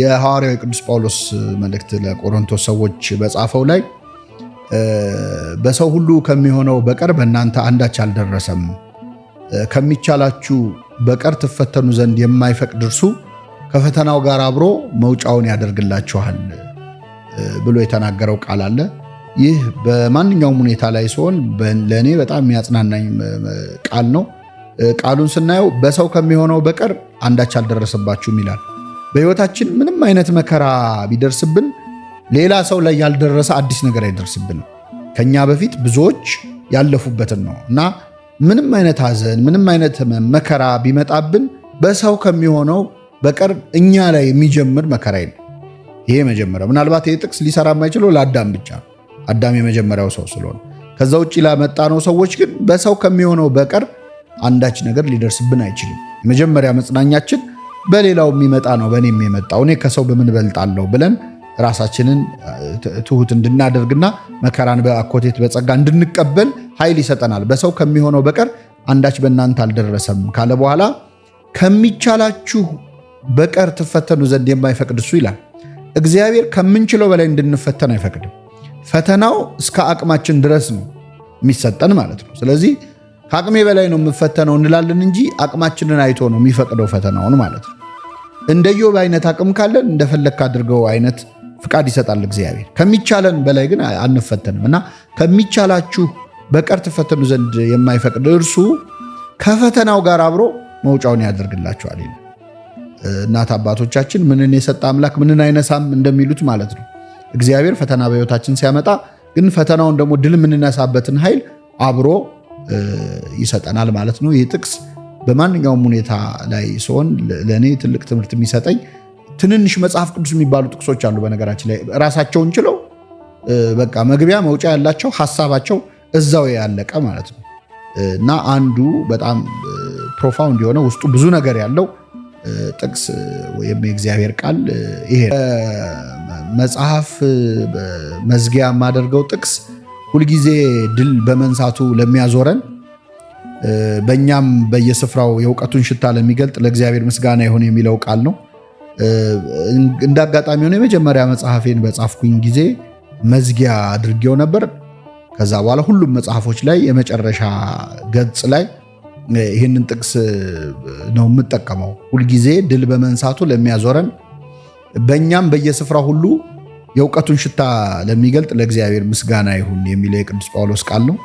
የሐዋርያው የቅዱስ ጳውሎስ መልእክት ለቆሮንቶስ ሰዎች በጻፈው ላይ በሰው ሁሉ ከሚሆነው በቀር በእናንተ አንዳች አልደረሰም፣ ከሚቻላችሁ በቀር ትፈተኑ ዘንድ የማይፈቅድ እርሱ ከፈተናው ጋር አብሮ መውጫውን ያደርግላችኋል ብሎ የተናገረው ቃል አለ። ይህ በማንኛውም ሁኔታ ላይ ሲሆን ለእኔ በጣም የሚያጽናናኝ ቃል ነው። ቃሉን ስናየው በሰው ከሚሆነው በቀር አንዳች አልደረሰባችሁም ይላል። በህይወታችን ምንም አይነት መከራ ቢደርስብን ሌላ ሰው ላይ ያልደረሰ አዲስ ነገር አይደርስብንም። ከኛ በፊት ብዙዎች ያለፉበትን ነው እና ምንም አይነት ሐዘን፣ ምንም አይነት መከራ ቢመጣብን በሰው ከሚሆነው በቀር እኛ ላይ የሚጀምር መከራ የለም። ይሄ መጀመሪያው። ምናልባት ይህ ጥቅስ ሊሰራ የማይችለው ለአዳም ብቻ ነው፣ አዳም የመጀመሪያው ሰው ስለሆነ። ከዛ ውጭ ላመጣ ነው ሰዎች ግን በሰው ከሚሆነው በቀር አንዳች ነገር ሊደርስብን አይችልም። የመጀመሪያ መጽናኛችን በሌላው የሚመጣ ነው በእኔም የመጣው እኔ ከሰው በምን እበልጣለሁ ብለን ራሳችንን ትሁት እንድናደርግና መከራን በአኮቴት በጸጋ እንድንቀበል ኃይል ይሰጠናል። በሰው ከሚሆነው በቀር አንዳች በእናንተ አልደረሰም ካለ በኋላ ከሚቻላችሁ በቀር ትፈተኑ ዘንድ የማይፈቅድ እሱ ይላል። እግዚአብሔር ከምንችለው በላይ እንድንፈተን አይፈቅድም። ፈተናው እስከ አቅማችን ድረስ ነው የሚሰጠን ማለት ነው። ስለዚህ ከአቅሜ በላይ ነው የምፈተነው እንላለን እንጂ አቅማችንን አይቶ ነው የሚፈቅደው ፈተናውን ማለት ነው። እንደ ዮብ አይነት አቅም ካለን እንደፈለግ አድርገው አይነት ፍቃድ ይሰጣል እግዚአብሔር። ከሚቻለን በላይ ግን አንፈተንም እና ከሚቻላችሁ በቀር ትፈተኑ ዘንድ የማይፈቅድ እርሱ ከፈተናው ጋር አብሮ መውጫውን ያደርግላችኋል። እናት አባቶቻችን ምንን የሰጠ አምላክ ምንን አይነሳም እንደሚሉት ማለት ነው። እግዚአብሔር ፈተና በሕይወታችን ሲያመጣ ግን ፈተናውን ደግሞ ድል የምንነሳበትን ኃይል አብሮ ይሰጠናል ማለት ነው። ይህ ጥቅስ በማንኛውም ሁኔታ ላይ ሲሆን ለእኔ ትልቅ ትምህርት የሚሰጠኝ ትንንሽ መጽሐፍ ቅዱስ የሚባሉ ጥቅሶች አሉ። በነገራችን ላይ ራሳቸውን ችለው በቃ መግቢያ መውጫ ያላቸው ሀሳባቸው እዛው ያለቀ ማለት ነው እና አንዱ በጣም ፕሮፋውንድ የሆነ ውስጡ ብዙ ነገር ያለው ጥቅስ ወይም የእግዚአብሔር ቃል ይሄ መጽሐፍ መዝጊያ የማደርገው ጥቅስ ሁልጊዜ ድል በመንሳቱ ለሚያዞረን በእኛም በየስፍራው የእውቀቱን ሽታ ለሚገልጥ ለእግዚአብሔር ምስጋና ይሁን የሚለው ቃል ነው። እንደ አጋጣሚ ሆነ የመጀመሪያ መጽሐፌን በጻፍኩኝ ጊዜ መዝጊያ አድርጌው ነበር። ከዛ በኋላ ሁሉም መጽሐፎች ላይ የመጨረሻ ገጽ ላይ ይህንን ጥቅስ ነው የምጠቀመው። ሁልጊዜ ድል በመንሳቱ ለሚያዞረን በእኛም በየስፍራው ሁሉ የእውቀቱን ሽታ ለሚገልጥ ለእግዚአብሔር ምስጋና ይሁን የሚለው የቅዱስ ጳውሎስ ቃል ነው።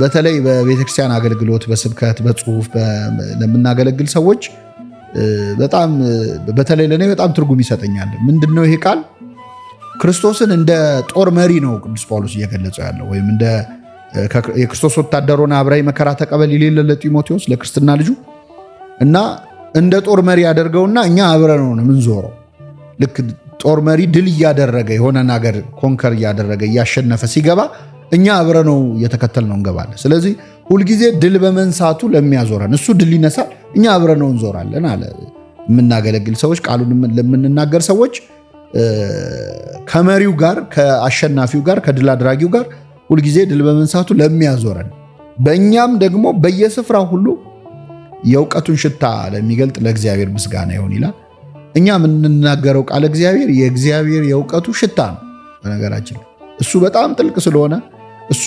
በተለይ በቤተክርስቲያን አገልግሎት፣ በስብከት፣ በጽሁፍ ለምናገለግል ሰዎች በጣም በተለይ ለእኔ በጣም ትርጉም ይሰጠኛል። ምንድን ነው ይሄ ቃል? ክርስቶስን እንደ ጦር መሪ ነው ቅዱስ ጳውሎስ እየገለጸው ያለው ወይም እንደ የክርስቶስ ወታደር ሆነ አብራዊ መከራ ተቀበል የሌለ ለጢሞቴዎስ ለክርስትና ልጁ እና እንደ ጦር መሪ ያደርገውና እኛ አብረን ነው የምንዞረው ልክ ጦር መሪ ድል እያደረገ የሆነ ሀገር ኮንከር እያደረገ እያሸነፈ ሲገባ እኛ አብረ ነው እየተከተል ነው እንገባለን። ስለዚህ ሁልጊዜ ድል በመንሳቱ ለሚያዞረን እሱ ድል ይነሳል፣ እኛ አብረ ነው እንዞራለን አለ። የምናገለግል ሰዎች ቃሉን ለምንናገር ሰዎች ከመሪው ጋር ከአሸናፊው ጋር ከድል አድራጊው ጋር ሁልጊዜ ድል በመንሳቱ ለሚያዞረን በእኛም ደግሞ በየስፍራ ሁሉ የእውቀቱን ሽታ ለሚገልጥ ለእግዚአብሔር ምስጋና ይሆን ይላል። እኛ የምንናገረው ቃል እግዚአብሔር የእግዚአብሔር የእውቀቱ ሽታ ነው። በነገራችን እሱ በጣም ጥልቅ ስለሆነ እሱ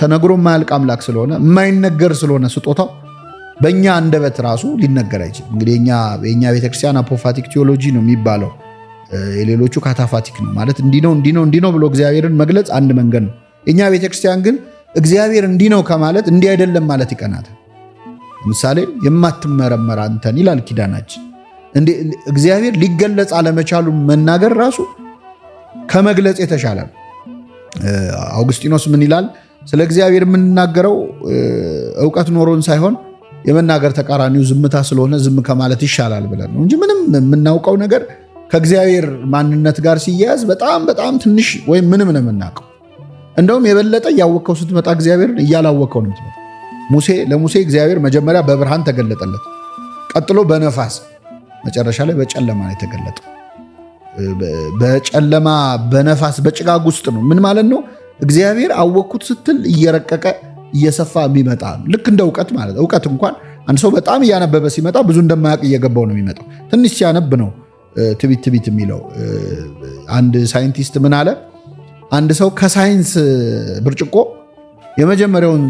ተነግሮ የማያልቅ አምላክ ስለሆነ የማይነገር ስለሆነ ስጦታው በእኛ አንደበት ራሱ ሊነገር አይችልም። እንግዲህ የእኛ ቤተክርስቲያን አፖፋቲክ ቴዎሎጂ ነው የሚባለው፣ የሌሎቹ ካታፋቲክ ነው ማለት እንዲህ ነው እንዲህ ነው እንዲህ ነው ብሎ እግዚአብሔርን መግለጽ አንድ መንገድ ነው። የእኛ ቤተክርስቲያን ግን እግዚአብሔር እንዲህ ነው ከማለት እንዲህ አይደለም ማለት ይቀናታል። ለምሳሌ የማትመረመር አንተን ይላል ኪዳናችን እግዚአብሔር ሊገለጽ አለመቻሉ መናገር ራሱ ከመግለጽ የተሻለ ነው። አውግስጢኖስ ምን ይላል? ስለ እግዚአብሔር የምንናገረው እውቀት ኖሮን ሳይሆን የመናገር ተቃራኒው ዝምታ ስለሆነ ዝም ከማለት ይሻላል ብለን ነው እንጂ ምንም የምናውቀው ነገር ከእግዚአብሔር ማንነት ጋር ሲያያዝ በጣም በጣም ትንሽ ወይም ምንም ነው የምናውቀው። እንደውም የበለጠ እያወቅከው ስትመጣ እግዚአብሔርን እያላወቀው ነው የምትመጣው። ሙሴ ለሙሴ እግዚአብሔር መጀመሪያ በብርሃን ተገለጠለት፣ ቀጥሎ በነፋስ መጨረሻ ላይ በጨለማ ነው የተገለጠው። በጨለማ በነፋስ በጭጋግ ውስጥ ነው። ምን ማለት ነው? እግዚአብሔር አወቅኩት ስትል እየረቀቀ እየሰፋ የሚመጣ ልክ እንደ እውቀት ማለት እውቀት እንኳን አንድ ሰው በጣም እያነበበ ሲመጣ ብዙ እንደማያውቅ እየገባው ነው የሚመጣው። ትንሽ ሲያነብ ነው ትቢት ትቢት የሚለው። አንድ ሳይንቲስት ምን አለ? አንድ ሰው ከሳይንስ ብርጭቆ የመጀመሪያውን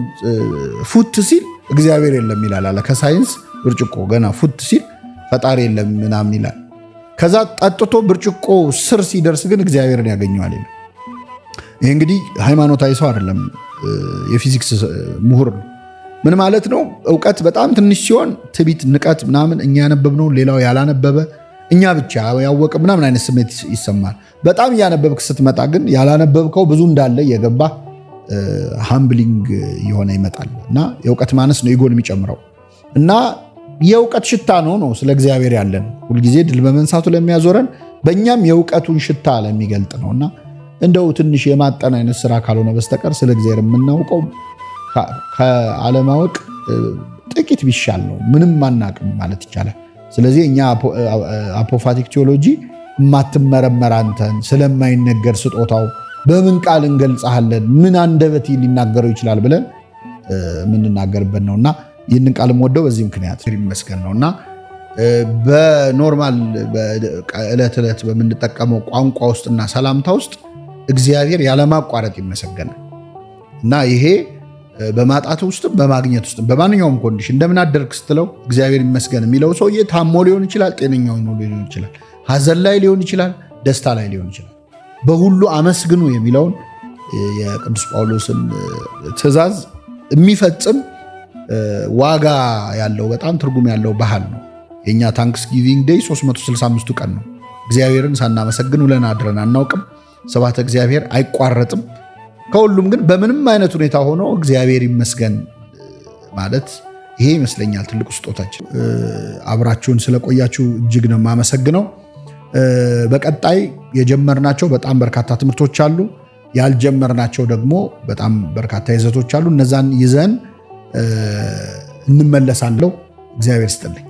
ፉት ሲል እግዚአብሔር የለም ይላል አለ። ከሳይንስ ብርጭቆ ገና ፉት ሲል ፈጣሪ የለም ምናምን ይላል። ከዛ ጠጥቶ ብርጭቆ ስር ሲደርስ ግን እግዚአብሔርን ያገኘዋል ይላል። ይህ እንግዲህ ሃይማኖታዊ ሰው አይደለም፣ የፊዚክስ ምሁር ነው። ምን ማለት ነው? እውቀት በጣም ትንሽ ሲሆን ትቢት፣ ንቀት ምናምን እኛ ያነበብነው ሌላው ያላነበበ እኛ ብቻ ያወቀ ምናምን አይነት ስሜት ይሰማል። በጣም እያነበብክ ስትመጣ ግን ያላነበብከው ብዙ እንዳለ የገባ ሃምብሊንግ የሆነ ይመጣል እና የእውቀት ማነስ ነው ኢጎን የሚጨምረው እና የእውቀት ሽታ ነው ነው ስለ እግዚአብሔር ያለን ሁልጊዜ ድል በመንሳቱ ለሚያዞረን በእኛም የእውቀቱን ሽታ ለሚገልጥ ነው እና እንደው ትንሽ የማጠን አይነት ስራ ካልሆነ በስተቀር ስለ እግዚአብሔር የምናውቀው ከአለማወቅ ጥቂት ቢሻል ነው፣ ምንም አናቅም ማለት ይቻላል። ስለዚህ እኛ አፖፋቲክ ቴዎሎጂ የማትመረመር አንተን ስለማይነገር ስጦታው በምን ቃል እንገልጸሃለን፣ ምን አንደበት ሊናገረው ይችላል ብለን የምንናገርበት ነውና ይህንን ቃል ወደው በዚህ ምክንያት ይመስገን ነው እና በኖርማል ዕለት ዕለት በምንጠቀመው ቋንቋ ውስጥና ሰላምታ ውስጥ እግዚአብሔር ያለማቋረጥ ይመሰገናል እና ይሄ በማጣት ውስጥም በማግኘት ውስጥም በማንኛውም ኮንዲሽን እንደምን አደርክ ስትለው እግዚአብሔር ይመስገን የሚለው ሰውዬ ታሞ ሊሆን ይችላል፣ ጤነኛ ሊሆን ይችላል፣ ሀዘን ላይ ሊሆን ይችላል፣ ደስታ ላይ ሊሆን ይችላል። በሁሉ አመስግኑ የሚለውን የቅዱስ ጳውሎስን ትእዛዝ የሚፈጽም ዋጋ ያለው በጣም ትርጉም ያለው ባህል ነው። የእኛ ታንክስ ጊቪንግ ዴይ 365 ቀን ነው። እግዚአብሔርን ሳናመሰግን ውለን አድረን አናውቅም። ስብሐተ እግዚአብሔር አይቋረጥም። ከሁሉም ግን በምንም አይነት ሁኔታ ሆኖ እግዚአብሔር ይመስገን ማለት ይሄ ይመስለኛል ትልቁ ስጦታችን። አብራችሁን ስለቆያችሁ እጅግ ነው የማመሰግነው። በቀጣይ የጀመርናቸው በጣም በርካታ ትምህርቶች አሉ። ያልጀመርናቸው ደግሞ በጣም በርካታ ይዘቶች አሉ። እነዛን ይዘን እንመለሳለሁ። እግዚአብሔር ስጥልኝ።